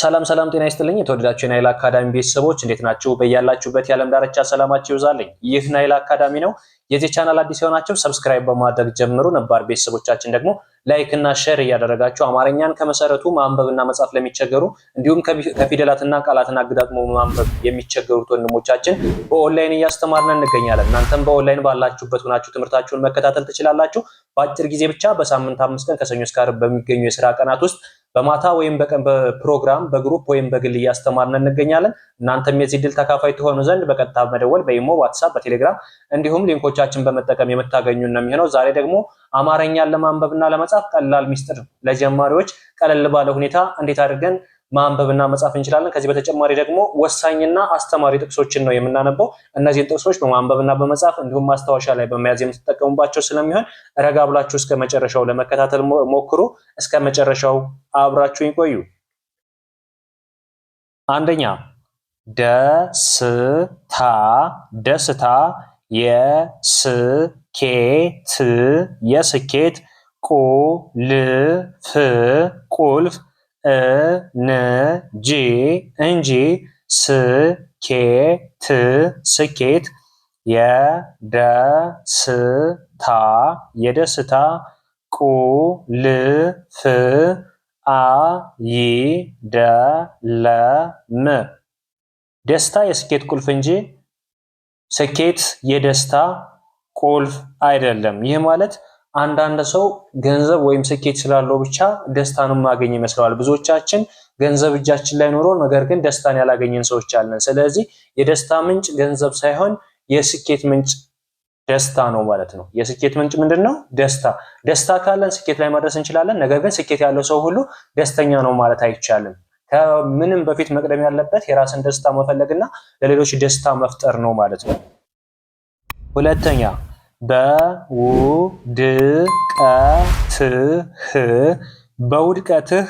ሰላም ሰላም፣ ጤና ይስጥልኝ የተወደዳችሁ የናይል አካዳሚ ቤተሰቦች እንዴት ናችሁ? በያላችሁበት የዓለም ዳርቻ ሰላማችሁ ይብዛልኝ። ይህ ናይል አካዳሚ ነው። የዚህ ቻናል አዲስ የሆናችሁ ሰብስክራይብ በማድረግ ጀምሩ። ነባር ቤተሰቦቻችን ደግሞ ላይክ እና ሼር እያደረጋችሁ አማርኛን ከመሰረቱ ማንበብና መጻፍ ለሚቸገሩ እንዲሁም ከፊደላትና ቃላትን አገጣጥሞ ማንበብ የሚቸገሩት ወንድሞቻችን በኦንላይን እያስተማርን እንገኛለን። እናንተም በኦንላይን ባላችሁበት ሆናችሁ ትምህርታችሁን መከታተል ትችላላችሁ። በአጭር ጊዜ ብቻ በሳምንት አምስት ቀን ከሰኞ እስከ ዓርብ በሚገኙ የስራ ቀናት ውስጥ በማታ ወይም በቀን በፕሮግራም በግሩፕ ወይም በግል እያስተማርን እንገኛለን። እናንተም የዚህ ድል ተካፋይ ትሆኑ ዘንድ በቀጥታ መደወል በኢሞ፣ ዋትሳፕ፣ በቴሌግራም እንዲሁም ሊንኮቻችን በመጠቀም የምታገኙ ነው የሚሆነው። ዛሬ ደግሞ አማርኛን ለማንበብና ለመጻፍ ቀላል ሚስጥር ለጀማሪዎች ቀለል ባለ ሁኔታ እንዴት አድርገን ማንበብና መጻፍ እንችላለን። ከዚህ በተጨማሪ ደግሞ ወሳኝና አስተማሪ ጥቅሶችን ነው የምናነበው። እነዚህን ጥቅሶች በማንበብና በመጻፍ እንዲሁም ማስታወሻ ላይ በመያዝ የምትጠቀሙባቸው ስለሚሆን ረጋ ብላችሁ እስከ መጨረሻው ለመከታተል ሞክሩ። እስከ መጨረሻው አብራችሁ ይቆዩ። አንደኛ ደስታ ደስታ የስኬት የስኬት ቁልፍ ቁልፍ እንጂ እንጂ ስኬት ስኬት የደስታ የደስታ ቁልፍ አይደለም። ደስታ የስኬት ቁልፍ እንጂ ስኬት የደስታ ቁልፍ አይደለም። ይህ ማለት አንዳንድ ሰው ገንዘብ ወይም ስኬት ስላለው ብቻ ደስታን ማገኝ ይመስለዋል። ብዙዎቻችን ገንዘብ እጃችን ላይ ኖሮ ነገር ግን ደስታን ያላገኘን ሰዎች አለን። ስለዚህ የደስታ ምንጭ ገንዘብ ሳይሆን የስኬት ምንጭ ደስታ ነው ማለት ነው። የስኬት ምንጭ ምንድን ነው? ደስታ። ደስታ ካለን ስኬት ላይ ማድረስ እንችላለን። ነገር ግን ስኬት ያለው ሰው ሁሉ ደስተኛ ነው ማለት አይቻልም። ከምንም በፊት መቅደም ያለበት የራስን ደስታ መፈለግና ለሌሎች ደስታ መፍጠር ነው ማለት ነው። ሁለተኛ በውድቀትህ በውድቀትህ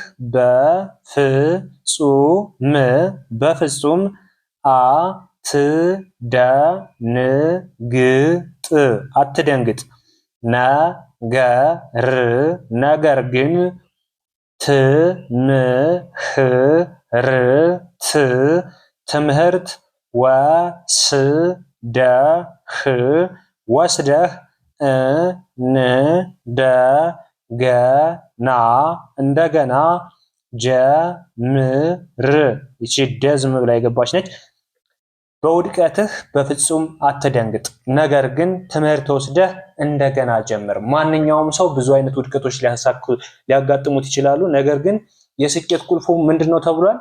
በፍጹም በፍጹም አትደንግጥ አትደንግጥ ነገር ነገር ግን ትምህርት ትምህርት ወስደህ ወስደህ እን ደ ገ ና እንደገና ጀምር። ይቺ ደዝም ብላ የገባች ነች። በውድቀትህ በፍጹም አትደንግጥ፣ ነገር ግን ትምህርት ወስደህ እንደገና ጀምር። ማንኛውም ሰው ብዙ አይነት ውድቀቶች ሊያጋጥሙት ይችላሉ። ነገር ግን የስኬት ቁልፉ ምንድን ነው ተብሏል?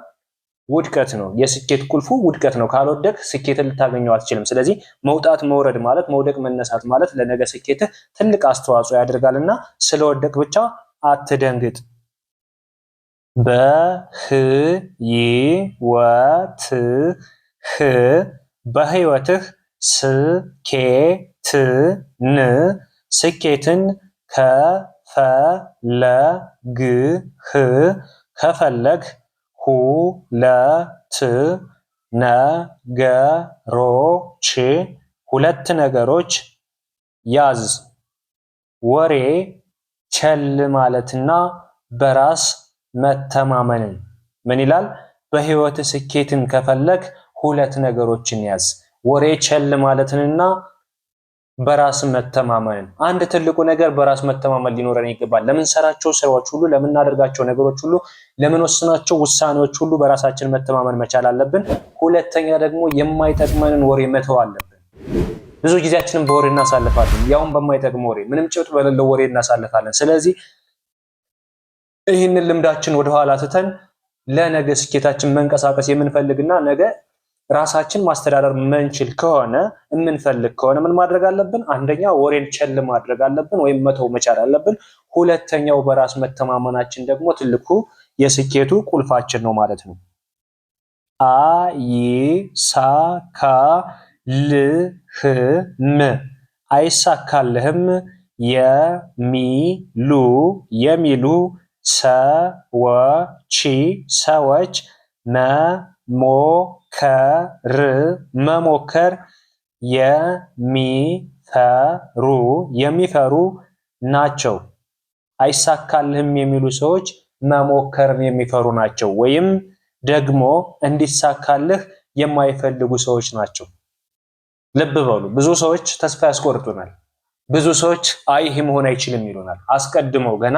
ውድቀት ነው። የስኬት ቁልፉ ውድቀት ነው። ካልወደቅ ስኬትን ልታገኘው አትችልም። ስለዚህ መውጣት መውረድ ማለት መውደቅ መነሳት ማለት ለነገ ስኬትህ ትልቅ አስተዋጽኦ ያደርጋል እና ስለወደቅ ብቻ አትደንግጥ። በህይወትህ በህይወትህ ስኬትን ስኬትን ከፈለግህ ከፈለግ ሁለት ነገሮች ሁለት ነገሮች ያዝ ወሬ ቸል ማለትና በራስ መተማመንን ምን ይላል? በህይወት ስኬትን ከፈለግ ሁለት ነገሮችን ያዝ። ወሬ ቸል ማለትንና በራስ መተማመን አንድ ትልቁ ነገር በራስ መተማመን ሊኖረን ይገባል። ለምንሰራቸው ስራዎች ሁሉ፣ ለምናደርጋቸው ነገሮች ሁሉ፣ ለምንወስናቸው ውሳኔዎች ሁሉ በራሳችን መተማመን መቻል አለብን። ሁለተኛ ደግሞ የማይጠቅመንን ወሬ መተው አለብን። ብዙ ጊዜያችንን በወሬ እናሳልፋለን፣ ያውም በማይጠቅም ወሬ፣ ምንም ጭብጥ በሌለው ወሬ እናሳልፋለን። ስለዚህ ይህንን ልምዳችን ወደኋላ ትተን ለነገ ስኬታችን መንቀሳቀስ የምንፈልግና ነገ ራሳችን ማስተዳደር ምንችል ከሆነ የምንፈልግ ከሆነ ምን ማድረግ አለብን? አንደኛ ወሬን ቸል ማድረግ አለብን ወይም መተው መቻል አለብን። ሁለተኛው በራስ መተማመናችን ደግሞ ትልቁ የስኬቱ ቁልፋችን ነው ማለት ነው። አ ሳ ካ ም አይሳካልህም የሚሉ የሚሉ ሰዎች ሰዎች መ ሞከር መሞከር የሚፈሩ የሚፈሩ ናቸው። አይሳካልህም የሚሉ ሰዎች መሞከርን የሚፈሩ ናቸው፣ ወይም ደግሞ እንዲሳካልህ የማይፈልጉ ሰዎች ናቸው። ልብ በሉ። ብዙ ሰዎች ተስፋ ያስቆርጡናል። ብዙ ሰዎች አይ ይህ መሆን አይችልም ይሉናል። አስቀድመው ገና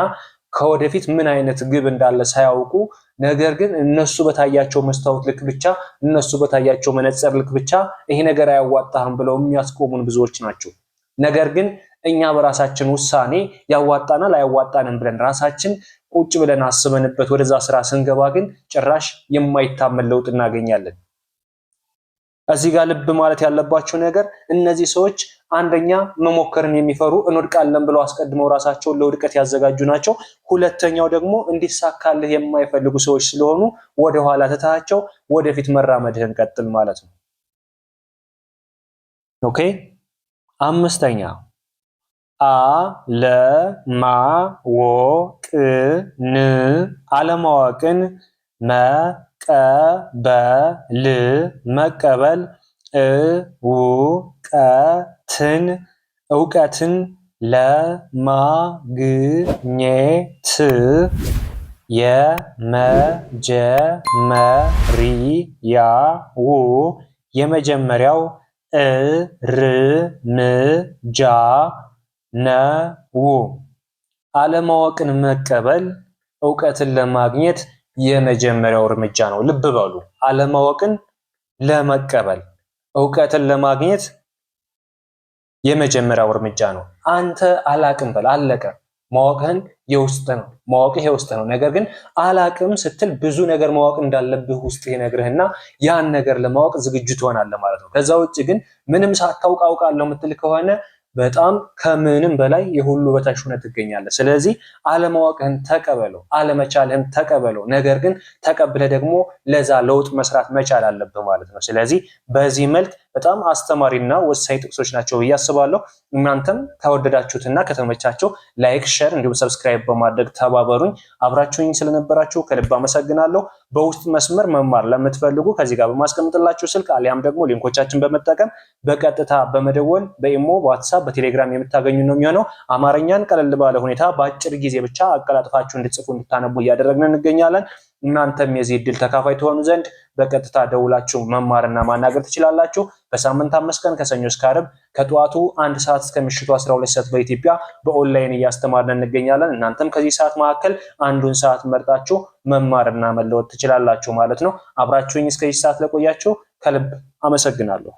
ከወደፊት ምን አይነት ግብ እንዳለ ሳያውቁ ነገር ግን እነሱ በታያቸው መስታወት ልክ ብቻ እነሱ በታያቸው መነጽር ልክ ብቻ ይሄ ነገር አያዋጣህም ብለው የሚያስቆሙን ብዙዎች ናቸው። ነገር ግን እኛ በራሳችን ውሳኔ ያዋጣናል አያዋጣንም ብለን ራሳችን ቁጭ ብለን አስበንበት ወደዛ ስራ ስንገባ ግን ጭራሽ የማይታመን ለውጥ እናገኛለን። እዚህ ጋር ልብ ማለት ያለባቸው ነገር እነዚህ ሰዎች አንደኛ መሞከርን የሚፈሩ እንወድቃለን ብለው አስቀድመው ራሳቸውን ለውድቀት ያዘጋጁ ናቸው። ሁለተኛው ደግሞ እንዲሳካልህ የማይፈልጉ ሰዎች ስለሆኑ ወደኋላ ትተሃቸው ወደፊት መራመድህን ቀጥል ማለት ነው። ኦኬ አምስተኛ አለማወቅን አለማወቅን መ ቀበል መቀበል እውቀትን እውቀትን ለማግኘት የመጀመሪያው የመጀመሪያው እርምጃ ነው። አለማወቅን መቀበል እውቀትን ለማግኘት የመጀመሪያው እርምጃ ነው። ልብ በሉ፣ አለማወቅን ለመቀበል እውቀትን ለማግኘት የመጀመሪያው እርምጃ ነው። አንተ አላቅም በል፣ አለቀ። ማወቅህን የውስጥ ነው፣ ማወቅህ የውስጥ ነው። ነገር ግን አላቅም ስትል ብዙ ነገር ማወቅ እንዳለብህ ውስጥ ይነግርህና ያን ነገር ለማወቅ ዝግጁ ትሆናለህ ማለት ነው። ከዛ ውጭ ግን ምንም ሳታውቅ አውቃለሁ ከሆነ በጣም ከምንም በላይ የሁሉ በታች ሆነ ትገኛለህ። ስለዚህ አለማወቅህን ተቀበለው፣ አለመቻልህን ተቀበለው። ነገር ግን ተቀብለ ደግሞ ለዛ ለውጥ መስራት መቻል አለብህ ማለት ነው። ስለዚህ በዚህ መልክ በጣም አስተማሪና ወሳኝ ጥቅሶች ናቸው ብዬ አስባለሁ። እናንተም ከወደዳችሁትና ከተመቻቸው ላይክ፣ ሸር እንዲሁም ሰብስክራይብ በማድረግ ተባበሩኝ። አብራችሁኝ ስለነበራችሁ ከልብ አመሰግናለሁ። በውስጥ መስመር መማር ለምትፈልጉ ከዚህ ጋር በማስቀምጥላችሁ ስልክ አሊያም ደግሞ ሊንኮቻችን በመጠቀም በቀጥታ በመደወል በኢሞ፣ በዋትሳፕ፣ በቴሌግራም የምታገኙ ነው የሚሆነው። አማርኛን ቀለል ባለ ሁኔታ በአጭር ጊዜ ብቻ አቀላጥፋችሁ እንድጽፉ እንድታነቡ እያደረግን እንገኛለን። እናንተም የዚህ እድል ተካፋይ ትሆኑ ዘንድ በቀጥታ ደውላችሁ መማርና ማናገር ትችላላችሁ። በሳምንት አምስት ቀን ከሰኞ እስከ ዓርብ ከጠዋቱ አንድ ሰዓት እስከ ምሽቱ 12 ሰዓት በኢትዮጵያ በኦንላይን እያስተማርን እንገኛለን። እናንተም ከዚህ ሰዓት መካከል አንዱን ሰዓት መርጣችሁ መማርና መለወጥ ትችላላችሁ ማለት ነው። አብራችሁኝ እስከዚህ ሰዓት ለቆያችሁ ከልብ አመሰግናለሁ።